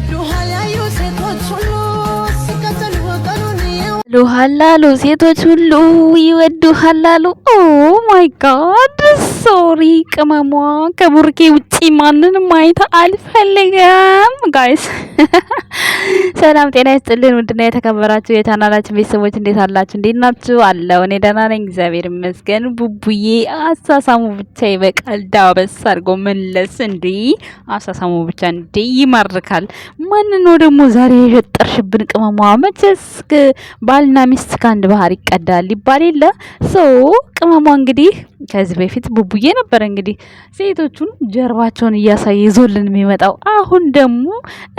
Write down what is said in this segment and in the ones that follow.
do ይወዱሃል አሉ። ሴቶች ሁሉ ይወዱሃል አሉ። ኦ ማይ ጋድ ሶሪ ቅመሟ ከቡርኬ ውጪ ማንን ማየት አልፈልገም። ጋይስ ሰላም ጤና ይስጥልን። ውድና የተከበራችሁ የቻናላችን ቤተሰቦች እንዴት አላችሁ? እንዴት ናችሁ? አለው እኔ ደህና ነኝ እግዚአብሔር ይመስገን። ቡቡዬ አሳሳሙ ብቻ ይበቃል። ዳበስ አድርጎ መለስ እንዴ አሳሳሙ ብቻ እንዴ ይማርካል። ማን ነው ደግሞ ዛሬ የሸጠርሽብን ቅመሟ መቼስ ባል ባልና ሚስት ከአንድ ባህር ይቀዳል ይባል የለ ሰው ቅመሟ እንግዲህ ከዚህ በፊት ቡቡዬ ነበረ እንግዲህ ሴቶቹን ጀርባቸውን እያሳየ ይዞልን የሚመጣው። አሁን ደግሞ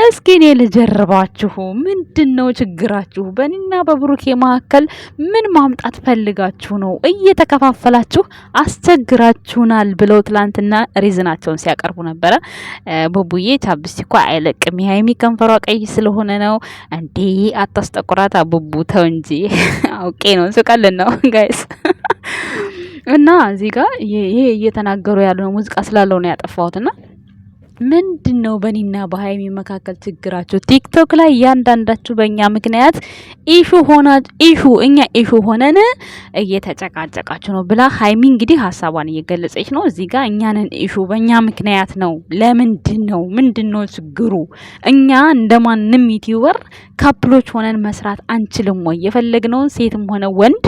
እስኪ እኔ ልጀርባችሁ፣ ምንድን ነው ችግራችሁ? በእኔና በብሩኬ መካከል ምን ማምጣት ፈልጋችሁ ነው? እየተከፋፈላችሁ አስቸግራችሁናል ብለው ትላንትና ሪዝናቸውን ሲያቀርቡ ነበረ። ቡቡዬ ቻፕስቲኳ አይለቅም የሀይሚ ከንፈሯ ቀይ ስለሆነ ነው እንዴ አታስጠቁራት፣ ቡቡ ተው እንጂ አውቄ ነው። እንስቃለን ነው ጋይስ እና እዚህ ጋር ይሄ እየተናገሩ ያለው ሙዚቃ ስላለው ነው ያጠፋሁት እና ምንድን ነው በኒና በሀይሚ መካከል ችግራችሁ? ቲክቶክ ላይ እያንዳንዳችሁ በእኛ ምክንያት ኢሹ ሆና ኢሹ እኛ ኢሹ ሆነን እየተጨቃጨቃችሁ ነው ብላ ሀይሚ እንግዲህ ሀሳቧን እየገለጸች ነው። እዚህ ጋር እኛንን ኢሹ በእኛ ምክንያት ነው። ለምንድን ነው ምንድን ነው ችግሩ? እኛ እንደማንም ዩቲዩበር ካፕሎች ሆነን መስራት አንችልም ወይ? የፈለግነውን ሴትም ሆነ ወንድ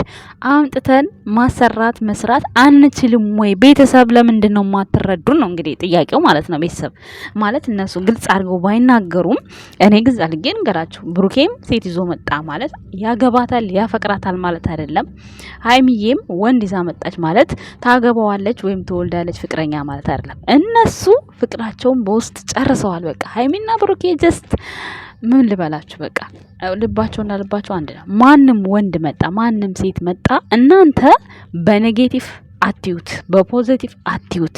አምጥተን ማሰራት መስራት አንችልም ወይ? ቤተሰብ ለምንድን ነው የማትረዱን? ነው እንግዲህ ጥያቄው ማለት ነው ቤተሰብ ማለት እነሱ ግልጽ አድርገው ባይናገሩም እኔ ግልጽ አድርጌ እንገራችሁ። ብሩኬም ሴት ይዞ መጣ ማለት ያገባታል ያፈቅራታል ማለት አይደለም። ሀይሚዬም ወንድ ይዛ መጣች ማለት ታገባዋለች ወይም ትወልዳለች ፍቅረኛ ማለት አይደለም። እነሱ ፍቅራቸውን በውስጥ ጨርሰዋል። በቃ ሀይሚና ብሩኬ ጀስት ምን ልበላችሁ፣ በቃ ልባቸውና ልባቸው አንድ ነው። ማንም ወንድ መጣ ማንም ሴት መጣ እናንተ በኔጌቲቭ አትዩት፣ በፖዘቲቭ አትዩት።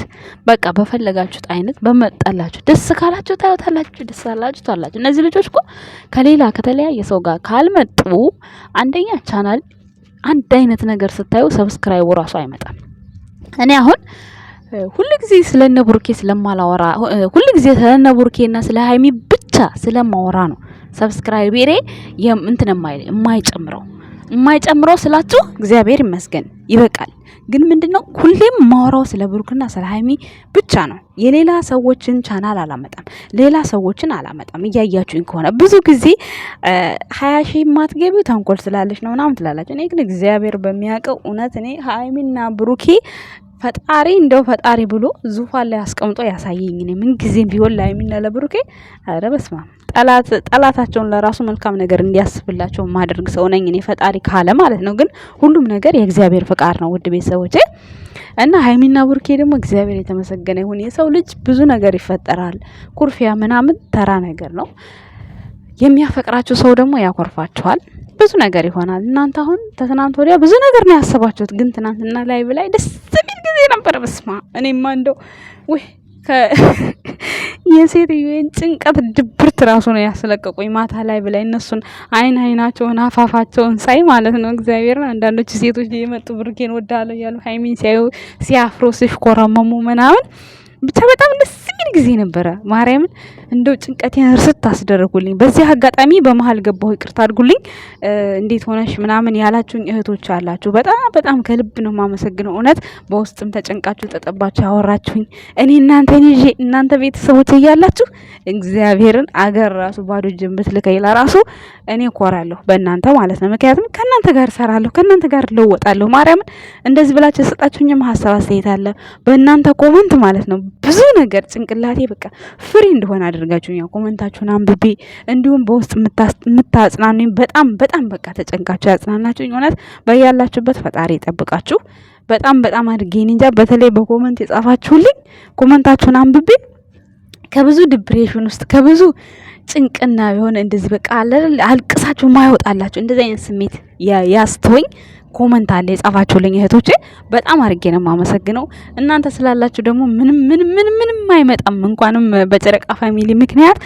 በቃ በፈለጋችሁት አይነት በመጣላችሁ ደስ ካላችሁ ታዩታላችሁ፣ ደስ ካላችሁ ታላችሁ። እነዚህ ልጆች እኮ ከሌላ ከተለያየ ሰው ጋር ካልመጡ አንደኛ ቻናል አንድ አይነት ነገር ስታዩ ሰብስክራይቡ ራሱ አይመጣም። እኔ አሁን ሁሉ ጊዜ ስለነ ቡርኬ ስለማላወራ ሁሉ ጊዜ ስለነ ቡርኬና ስለ ሀይሚ ብቻ ስለማወራ ነው ሰብስክራይቤሬ እንትን የማይጨምረው የማይጨምረው ስላችሁ እግዚአብሔር ይመስገን ይበቃል። ግን ምንድነው ሁሌም ማወራው ስለ ብሩክና ስለ ሀይሚ ብቻ ነው። የሌላ ሰዎችን ቻናል አላመጣም፣ ሌላ ሰዎችን አላመጣም። እያያችሁኝ ከሆነ ብዙ ጊዜ ሀያ ሺ የማትገቢው ተንኮል ስላለች ነው ምናምን ትላላችሁ። እኔ ግን እግዚአብሔር በሚያውቀው እውነት እኔ ሀይሚና ብሩኬ ፈጣሪ እንደው ፈጣሪ ብሎ ዙፋን ላይ አስቀምጦ ያሳየኝ። እኔ ምን ጊዜም ቢሆን ላይ የሚናለ ብሩኬ አረ በስማ ጠላታቸውን ለራሱ መልካም ነገር እንዲያስብላቸው ማደርግ ሰው ነኝ እኔ ፈጣሪ ካለ ማለት ነው። ግን ሁሉም ነገር የእግዚአብሔር ፈቃድ ነው። ውድ ቤተሰቦቼ እና ሀይሚና ብሩኬ ደግሞ እግዚአብሔር የተመሰገነ ይሁን። የሰው ልጅ ብዙ ነገር ይፈጠራል። ኩርፊያ ምናምን ተራ ነገር ነው። የሚያፈቅራቸው ሰው ደግሞ ያኮርፋቸዋል ብዙ ነገር ይሆናል። እናንተ አሁን ተትናንት ወዲያ ብዙ ነገር ነው ያሰባችሁት፣ ግን ትናንትና ላይ ብላይ ደስ የሚል ጊዜ ነበር። በስማ እኔማ እንደው ወይ የሴትዮን ጭንቀት ድብርት ራሱ ነው ያስለቀቁኝ። ማታ ላይ ብላይ እነሱን አይን አይናቸውን አፋፋቸውን ሳይ ማለት ነው እግዚአብሔርን አንዳንዶች ሴቶች የመጡ ብርኬን ወዳለው ያሉ ሀይሚን ሲያዩ ሲያፍሮ ሲሽኮረመሙ ምናምን ብቻ በጣም ደስ ጊዜ ነበረ ማርያምን እንደው ጭንቀቴን እርስት አስደረጉልኝ። በዚህ አጋጣሚ በመሀል ገባሁ፣ ይቅርታ አድርጉልኝ። እንዴት ሆነሽ ምናምን ያላችሁኝ እህቶች አላችሁ። በጣም በጣም ከልብ ነው የማመሰግነው። እውነት በውስጥም ተጨንቃችሁ ተጠባችሁ ያወራችሁኝ እኔ እናንተን ይዤ እናንተ ቤተሰቦች እያላችሁ እግዚአብሔርን አገር ራሱ ባዶ እጄን ብትልከኝ ለራሱ እኔ እኮራለሁ በእናንተ ማለት ነው። ምክንያቱም ከእናንተ ጋር እሰራለሁ፣ ከእናንተ ጋር እለወጣለሁ። ማርያምን እንደዚህ ብላችሁ የሰጣችሁኝም ሀሳብ አስተያየት አለ በእናንተ ኮመንት ማለት ነው ብዙ ነገር ጭንቅላ ጭንቅላቴ በቃ ፍሪ እንደሆነ አድርጋችሁኛል። ኮመንታችሁን አንብቤ እንዲሁም በውስጥ የምታጽናኑኝ በጣም በጣም በቃ ተጨንቃችሁ ያጽናናችሁኝ እውነት በያላችሁበት ፈጣሪ ይጠብቃችሁ። በጣም በጣም አድርጌ እንጃ በተለይ በኮመንት የጻፋችሁልኝ ኮመንታችሁን አንብቤ ከብዙ ዲፕሬሽን ውስጥ ከብዙ ጭንቅና የሆነ እንደዚህ በቃ አልቅሳችሁ ማይወጣላችሁ እንደዚህ አይነት ስሜት ያስተወኝ ኮመንት አለ የጻፋችሁልኝ እህቶቼ በጣም አድርጌ ነው የማመሰግነው። እናንተ ስላላችሁ ደግሞ ምንም ምንም ምንም ምንም አይመጣም። እንኳንም በጨረቃ ፋሚሊ ምክንያት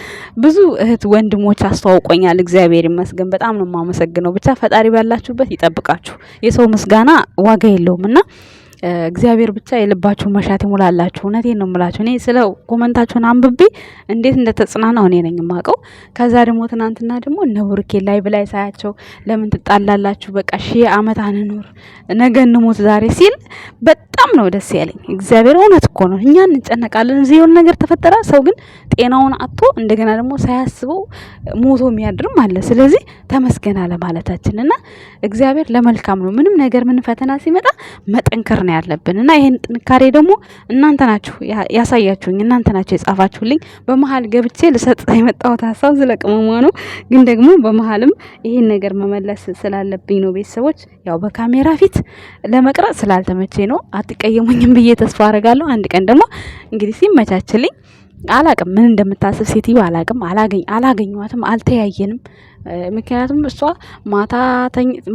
ብዙ እህት ወንድሞች አስተዋውቆኛል። እግዚአብሔር ይመስገን በጣም ነው የማመሰግነው። ብቻ ፈጣሪ ባላችሁበት ይጠብቃችሁ። የሰው ምስጋና ዋጋ የለውም እና እግዚአብሔር ብቻ የልባችሁን መሻት ይሙላላችሁ። እውነቴን ነው የምላችሁ። እኔ ስለ ኮመንታችሁን አንብቤ እንዴት እንደተጽናናሁ እኔ ነኝ የማውቀው። ከዛ ደግሞ ትናንትና ደግሞ እነ ላይ ብላይ ሳያቸው ለምን ትጣላላችሁ? በቃ ሺህ ዓመት አንኑር፣ ነገ እንሞት ዛሬ ሲል በጣም ነው ደስ ያለኝ። እግዚአብሔር እውነት እኮ ነው። እኛ እንጨነቃለን፣ እዚህ የሆነ ነገር ተፈጠረ፣ ሰው ግን ጤናውን አጥቶ እንደገና ደግሞ ሳያስበው ሞቶ የሚያድርም አለ። ስለዚህ ተመስገን አለ ማለታችን እና እግዚአብሔር ለመልካም ነው። ምንም ነገር ምን ፈተና ሲመጣ መጠንከር ነው ያለብን እና ይሄን ጥንካሬ ደግሞ እናንተ ናችሁ ያሳያችሁኝ፣ እናንተ ናችሁ የጻፋችሁልኝ። በመሀል ገብቼ ልሰጥ የመጣሁት ሀሳብ ስለ ነው፣ ግን ደግሞ በመሀልም ይሄን ነገር መመለስ ስላለብኝ ነው። ቤተሰቦች ያው በካሜራ ፊት ለመቅረጽ ስላልተመቼ ነው። አትቀየሙኝም ብዬ ተስፋ አረጋለሁ። አንድ ቀን ደግሞ እንግዲህ ሲመቻችልኝ አላቅም ምን እንደምታስብ ሴትዮ አላቅም። አላገኝ አላገኘኋትም፣ አልተያየንም። ምክንያቱም እሷ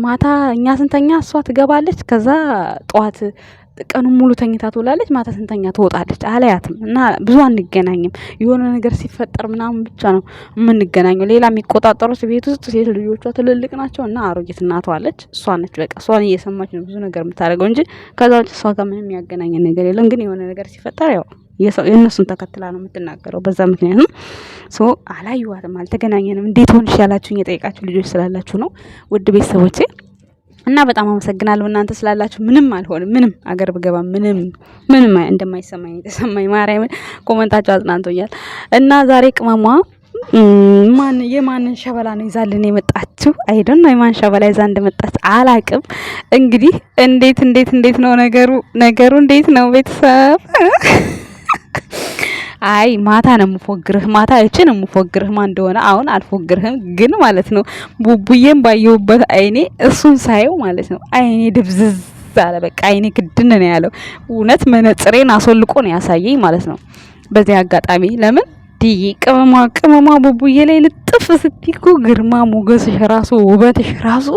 ማታ እኛ ስንተኛ እሷ ትገባለች። ከዛ ጠዋት ቀኑን ሙሉ ተኝታ ትውላለች። ማታ ስንተኛ ትወጣለች። አለያትም እና ብዙ አንገናኝም። የሆነ ነገር ሲፈጠር ምናምን ብቻ ነው የምንገናኘው። ሌላ የሚቆጣጠሩት ቤት ውስጥ ሴት ልጆቿ ትልልቅ ናቸው እና አሮጌት እናተዋለች እሷ ነች በቃ እሷን እየሰማች ነው ብዙ ነገር የምታደርገው እንጂ ከዛ ውጭ እሷ ጋር ምንም ያገናኘ ነገር የለም። ግን የሆነ ነገር ሲፈጠር ያው የሰው የእነሱን ተከትላ ነው የምትናገረው። በዛ ምክንያት ነው ሶ አላየዋትም፣ አልተገናኘንም። እንዴት ሆንሽ ያላችሁኝ የጠየቃችሁ ልጆች ስላላችሁ ነው ውድ ቤተሰቦቼ እና በጣም አመሰግናለሁ እናንተ ስላላችሁ። ምንም አልሆንም፣ ምንም አገር ብገባ ምንም ምንም እንደማይሰማኝ የተሰማኝ ማርያም ኮመንታችሁ አጽናንቶኛል። እና ዛሬ ቅመሟ ማን የማንን ሸበላ ነው ይዛልን የመጣችሁ? አይደን ነው የማን ሸበላ ይዛ እንደመጣች አላቅም። እንግዲህ እንዴት እንዴት እንዴት ነው ነገሩ ነገሩ እንዴት ነው ቤተሰብ አይ ማታ ነው የምፎግርህ፣ ማታ እቺ ነው የምፎግርህ። ማን እንደሆነ አሁን አልፎግርህም፣ ግን ማለት ነው ቡቡዬን ባየሁበት አይኔ እሱን ሳየው ማለት ነው አይኔ ድብዝዝ አለ። በቃ አይኔ ግድን ነው ያለው። እውነት መነጽሬን አስወልቆ ነው ያሳየኝ ማለት ነው። በዚህ አጋጣሚ ለምን ውድዬ ቅመሟ ቅመሟ ቡቡዬ ላይ ልጥፍ ስትኩ ግርማ ሞገስሽ ራሱ ውበትሽ ራሱ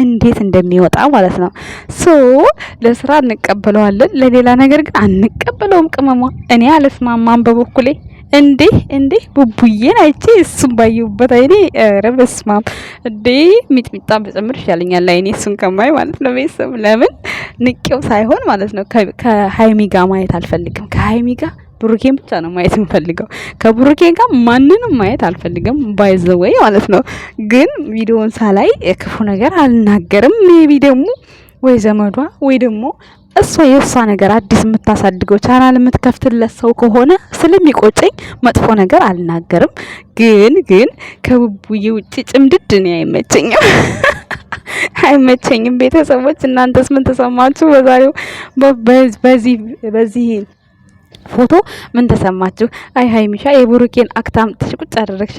እንዴት እንደሚወጣ ማለት ነው። ሶ ለስራ እንቀበለዋለን፣ ለሌላ ነገር ግን አንቀበለውም። ቅመሟ እኔ አልስማማም በበኩሌ እንዴ እንዴ ቡቡዬን አይቼ እሱን ባየሁበት አይኔ ኧረ እንዴ ሚጥሚጣ ብጨምር ይሻለኛል አይኔ እሱን ከማይ ማለት ነው። ቤተሰብ ለምን ንቄው ሳይሆን ማለት ነው ከሀይሚ ጋር ማየት አልፈልግም ከሀይሚ ጋር ብሩኬን ብቻ ነው ማየት የምፈልገው። ከብሩኬ ጋር ማንንም ማየት አልፈልግም። ባይዘወይ ማለት ነው። ግን ቪዲዮን ሳላይ ክፉ ነገር አልናገርም። ሜቢ ደግሞ ወይ ዘመዷ ወይ ደግሞ እሷ የእሷ ነገር አዲስ የምታሳድገው ቻናል የምትከፍትለት ሰው ከሆነ ስለሚቆጨኝ መጥፎ ነገር አልናገርም። ግን ግን ከቡቡዬ ውጭ ጭምድድ እኔ አይመቸኝም አይመቸኝም። ቤተሰቦች እናንተስ ምን ተሰማችሁ? በዛሬው በዚህ በዚህ ፎቶ ምን ተሰማችሁ? አይ ሀይሚሻ የብሩኬን አክታም ቁጭ አደረግሽ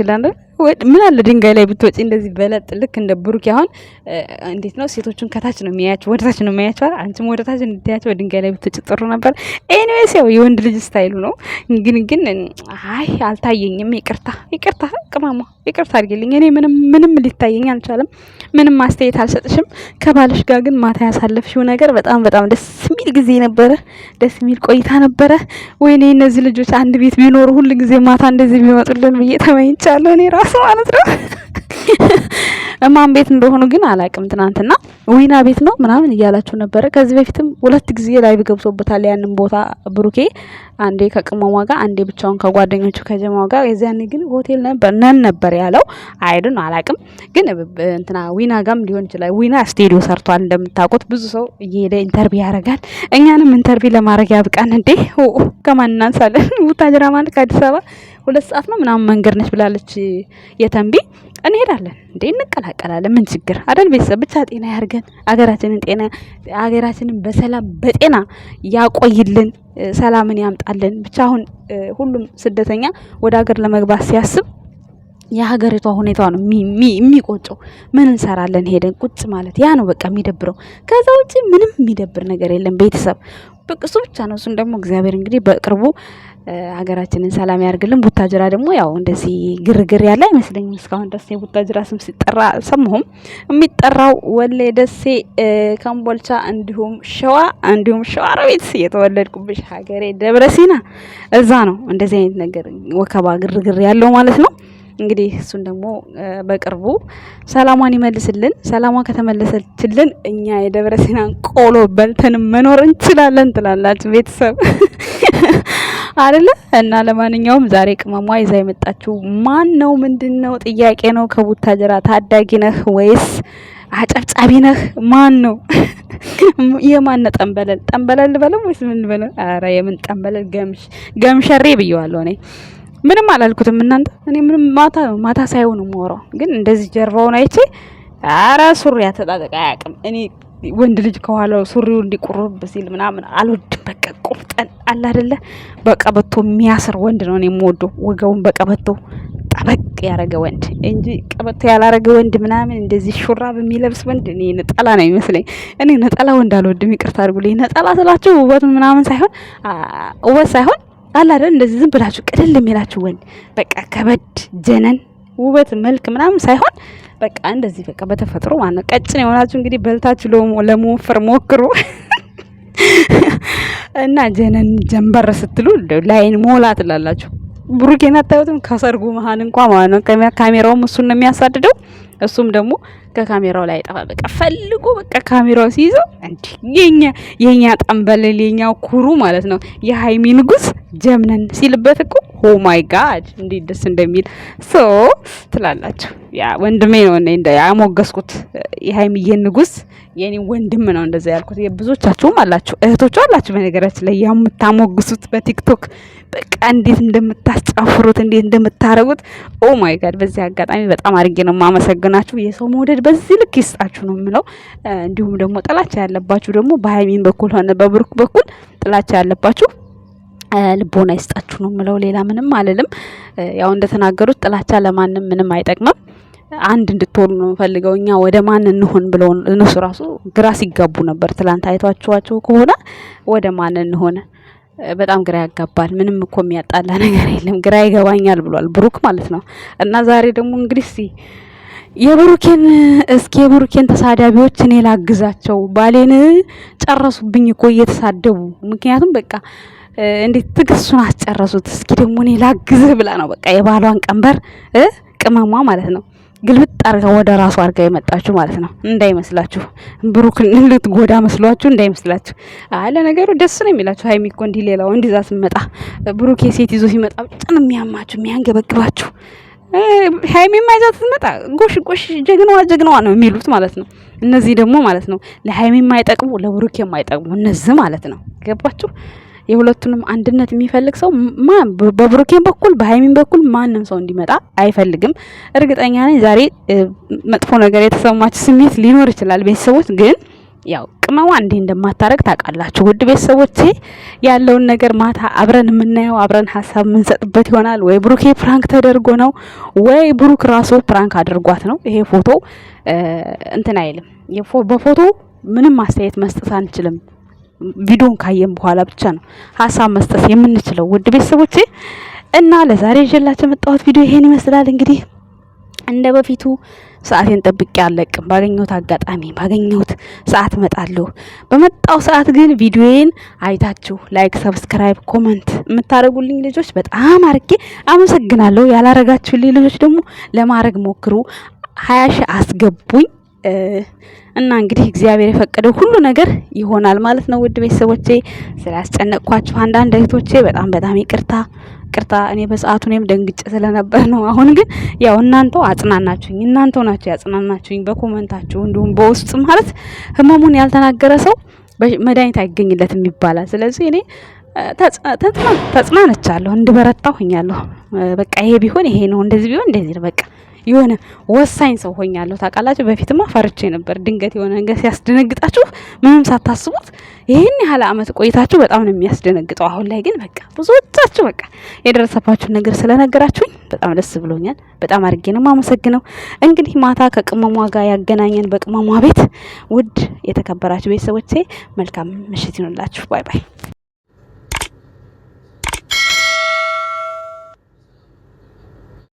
ምን አለ ድንጋይ ላይ ብትወጪ እንደዚህ በለጥ። ልክ እንደ ብሩኬ አሁን እንዴት ነው ሴቶቹን ከታች ነው የሚያያቸው፣ ወደታች ነው የሚያያቸው። አንቺም ወደታች እንድትያቸው ድንጋይ ላይ ብትወጪ ጥሩ ነበር። ኤኒዌይስ ያው የወንድ ልጅ ስታይሉ ነው። ግን ግን አይ አልታየኝም። ይቅርታ ይቅርታ ቅመሟ ይቅርታ አድርጊልኝ። እኔ ምንም ምንም ሊታየኝ አልቻለም። ምንም አስተያየት አልሰጥሽም። ከባልሽ ጋር ግን ማታ ያሳለፍሽው ነገር በጣም በጣም ደስ የሚል ጊዜ ነበረ። ደስ የሚል ቆይታ ነበረ። ወይኔ እነዚህ ልጆች አንድ ቤት ቢኖሩ ሁል ጊዜ ማታ እንደዚህ ቢመጡልን ብዬ ተመኝቻለሁ። እኔ ራሱ ማለት ነው እማን ቤት እንደሆኑ ግን አላቅም። ትናንትና ዊና ቤት ነው ምናምን እያላችሁ ነበረ። ከዚህ በፊትም ሁለት ጊዜ ላይቭ ገብቶበታል ያንን ቦታ ብሩኬ፣ አንዴ ከቅመሟ ጋር፣ አንዴ ብቻውን ከጓደኞቹ ከጀማው ጋር። የዚያን ግን ሆቴል ነበር ነን ነበር ያለው አይዱን አላቅም። ግን እንትና ዊና ጋም ሊሆን ይችላል። ዊና ስቴዲዮ ሰርቷል እንደምታውቁት። ብዙ ሰው እየሄደ ኢንተርቪው ያደርጋል። እኛንም ኢንተርቪው ለማድረግ ያብቃን እንዴ። ከማን እናንሳለን? ቡታጅራ ማለት ከአዲስ አበባ ሁለት ሰዓት ነው ምናምን መንገድ ነች ብላለች የተንቢ እንሄዳለን እንዴ እንቀላቀላለን። ምን ችግር አደል? ቤተሰብ ብቻ ጤና ያርገን፣ አገራችንን ጤና አገራችንን በሰላም በጤና ያቆይልን፣ ሰላምን ያምጣልን። ብቻ አሁን ሁሉም ስደተኛ ወደ ሀገር ለመግባት ሲያስብ የሀገሪቷ ሁኔታ ነው የሚቆጨው። ምን እንሰራለን ሄደን ቁጭ ማለት ያ ነው በቃ የሚደብረው። ከዛ ውጭ ምንም የሚደብር ነገር የለም ቤተሰብ በቅ ብቻ ነው። እሱን ደግሞ እግዚአብሔር እንግዲህ በቅርቡ ሀገራችንን ሰላም ያርግልን። ቡታጅራ ደግሞ ያው እንደዚህ ግርግር ያለ አይመስለኝም። እስካሁን ደስ የቡታጅራ ስም ሲጠራ ሰማሁም። የሚጠራው ወሌ፣ ደሴ፣ ከምቦልቻ እንዲሁም ሸዋ እንዲሁም ሸዋሮቢት የተወለድኩብሽ ሀገሬ ደብረ ሲና እዛ ነው እንደዚህ አይነት ነገር ወከባ ግርግር ያለው ማለት ነው። እንግዲህ እሱን ደግሞ በቅርቡ ሰላሟን ይመልስልን። ሰላሟ ከተመለሰችልን እኛ የደብረ ሲናን ቆሎ በልተን መኖር እንችላለን ትላላችሁ ቤተሰብ አይደለ? እና ለማንኛውም ዛሬ ቅመሟ ይዛ የመጣችው ማን ነው? ምንድን ነው? ጥያቄ ነው። ከቡታጀራ ታዳጊ ነህ ወይስ አጨብጫቢ ነህ? ማን ነው? የማን ነው ጠንበለል? ጠንበለል ልበለው ወይስ ምን ልበለው? አረ የምን ጠንበለል ገምሽ ገምሸሬ ብየዋለሁ እኔ ምንም አላልኩትም። እናንተ እኔ ምንም ማታ ማታ ሳይሆን ነው የማወራው፣ ግን እንደዚህ ጀርባውን አይቼ ኧረ ሱሪ አተጣጠቀ አያውቅም። እኔ ወንድ ልጅ ከኋላው ሱሪው እንዲቁርብ ሲል ምናምን አልወድም። በቃ ቁርጠን አለ አይደለ? በቀበቶ የሚያስር ወንድ ነው የምወደው። ወገቡን በቀበቶ ጠበቅ ያረገ ወንድ እንጂ ቀበቶ ያላረገ ወንድ ምናምን እንደዚህ ሹራብ የሚለብስ ወንድ እኔ ነጠላ ነው ይመስለኝ። እኔ ነጠላ ወንድ አልወድም። ይቅርታ አድርጉልኝ። ነጠላ ስላችሁ ውበቱ ምናምን ሳይሆን ውበት ሳይሆን አለ አይደል? እንደዚህ ዝም ብላችሁ ቅልል የሚላችሁ ወንድ በቃ ከበድ ጀነን ውበት መልክ ምናምን ሳይሆን በቃ እንደዚህ በቃ በተፈጥሮ ማለት ነው። ቀጭን የሆናችሁ እንግዲህ በልታችሁ ለመወፈር ሞክሩ። እና ጀነን ጀንበር ስትሉ ላይን ሞላ ትላላችሁ። ብሩኬን አታዩትም? ከሰርጉ መሀል እንኳ ማለት ነው። ካሜራውም እሱን ነው የሚያሳድደው። እሱም ደግሞ ከካሜራው ላይ ጠፋ። በቃ ፈልጎ በቃ ካሜራው ሲይዘው እንዲህ የኛ የኛ ጠንበለል የኛ ኩሩ ማለት ነው የሀይሚ ንጉስ ጀምነን ሲልበት እኮ ኦ ማይ ጋድ እንዴት ደስ እንደሚል ሶ ትላላችሁ። ያ ወንድሜ ነው እንደ ያሞገስኩት የሀይሚዬን ንጉስ የኔ ወንድም ነው እንደዛ ያልኩት። ብዙዎቻችሁም አላችሁ፣ እህቶቹ አላችሁ። በነገራችን ላይ የምታሞግሱት በቲክቶክ በቃ እንዴት እንደምታስጫፍሩት እንዴት እንደምታረጉት ኦ ማይ ጋድ። በዚህ አጋጣሚ በጣም አድርጌ ነው የማመሰግናችሁ። የሰው መውደድ በዚህ ልክ ይስጣችሁ ነው የምለው። እንዲሁም ደግሞ ጥላቻ ያለባችሁ ደግሞ በሀይሚን በኩል ሆነ በብሩክ በኩል ጥላቻ ያለባችሁ ልቦና ይስጣችሁ ነው የምለው። ሌላ ምንም አልልም። ያው እንደተናገሩት ጥላቻ ለማንም ምንም አይጠቅምም። አንድ እንድትሆኑ ነው የምፈልገው እኛ ወደ ማን እንሆን ብለው እነሱ ራሱ ግራ ሲጋቡ ነበር። ትላንት አይቷቸዋቸው ከሆነ ወደ ማን እንሆን በጣም ግራ ያጋባል። ምንም እኮ የሚያጣላ ነገር የለም፣ ግራ ይገባኛል ብሏል ብሩክ ማለት ነው። እና ዛሬ ደግሞ እንግዲህ እስቲ የብሩኬን እስኪ የብሩኬን ተሳዳቢዎች እኔ ላግዛቸው፣ ባሌን ጨረሱብኝ እኮ እየተሳደቡ ምክንያቱም በቃ እንዴት ትግስቱን አስጨረሱት። እስኪ ደግሞ እኔ ላግዝህ ብላ ነው በቃ የባሏን ቀንበር ቅመሟ ማለት ነው ግልብጥ አርጋ ወደ ራሱ አርጋ የመጣችሁ ማለት ነው። እንዳይመስላችሁ ብሩክን ልትጎዳ መስሏችሁ እንዳይመስላችሁ። አለ ነገሩ ደስ ነው የሚላችሁ። ሀይሚ እኮ እንዲህ ሌላው እንዲዛ ስመጣ ብሩክ የሴት ይዞ ሲመጣ ጭን የሚያማችሁ የሚያንገበግባችሁ ሀይሚ የማይዛት ስትመጣ ጎሽ ጎሽ ጀግናዋ ጀግናዋ ነው የሚሉት ማለት ነው። እነዚህ ደግሞ ማለት ነው ለሀይሚ የማይጠቅሙ ለብሩክ የማይጠቅሙ እነዚህ ማለት ነው። ገባችሁ? የሁለቱንም አንድነት የሚፈልግ ሰው ማን በብሩኬን በኩል በሀይሚን በኩል ማንም ሰው እንዲመጣ አይፈልግም። እርግጠኛ ነኝ ዛሬ መጥፎ ነገር የተሰማች ስሜት ሊኖር ይችላል ቤተሰቦች ግን ያው ቅመሟ እንዴ እንደማታረግ ታውቃላችሁ። ውድ ቤተሰቦቼ ያለውን ነገር ማታ አብረን የምናየው አብረን ሀሳብ የምንሰጥበት ይሆናል። ወይ ብሩኬ ፕራንክ ተደርጎ ነው ወይ ብሩክ ራሱ ፕራንክ አድርጓት ነው። ይሄ ፎቶ እንትን አይልም። በፎቶ ምንም አስተያየት መስጠት አንችልም። ቪዲዮን ካየን በኋላ ብቻ ነው ሀሳብ መስጠት የምንችለው። ውድ ቤተሰቦች እና ለዛሬ ይዤላችሁ የመጣሁት ቪዲዮ ይሄን ይመስላል። እንግዲህ እንደ በፊቱ ሰዓቴን ጠብቄ አለቅም። ባገኘሁት አጋጣሚ ባገኘሁት ሰዓት እመጣለሁ። በመጣው ሰዓት ግን ቪዲዮዬን አይታችሁ ላይክ፣ ሰብስክራይብ፣ ኮመንት የምታደርጉልኝ ልጆች በጣም አርጌ አመሰግናለሁ። ያላረጋችሁልኝ ልጆች ደግሞ ለማድረግ ሞክሩ። ሀያ ሺህ አስገቡኝ። እና እንግዲህ እግዚአብሔር የፈቀደው ሁሉ ነገር ይሆናል ማለት ነው። ውድ ቤተሰቦቼ ስላስጨነቅኳችሁ አንዳንድ እህቶቼ በጣም በጣም ይቅርታ ቅርታ እኔ በሰዓቱ እኔም ደንግጬ ስለነበር ነው። አሁን ግን ያው እናንተው አጽናናችሁኝ፣ እናንተው ናቸው ያጽናናችሁኝ በኮመንታችሁ፣ እንዲሁም በውስጥ ማለት ህመሙን ያልተናገረ ሰው መድኃኒት አይገኝለትም ይባላል። ስለዚህ እኔ ተጽናንቻለሁ፣ እንድበረታሁኛለሁ። በቃ ይሄ ቢሆን ይሄ ነው፣ እንደዚህ ቢሆን እንደዚህ ነው በቃ የሆነ ወሳኝ ሰው ሆኛለሁ። ታውቃላችሁ፣ በፊትማ ፈርቼ ነበር። ድንገት የሆነ ነገር ሲያስደነግጣችሁ ምንም ሳታስቡት ይህን ያህል አመት ቆይታችሁ በጣም ነው የሚያስደነግጠው። አሁን ላይ ግን በቃ ብዙዎቻችሁ በቃ የደረሰባችሁን ነገር ስለነገራችሁኝ በጣም ደስ ብሎኛል። በጣም አድርጌ ነው የማመሰግነው። እንግዲህ ማታ ከቅመሟ ጋር ያገናኘን በቅመሟ ቤት። ውድ የተከበራችሁ ቤተሰቦቼ መልካም ምሽት ይኑላችሁ። ባይ ባይ።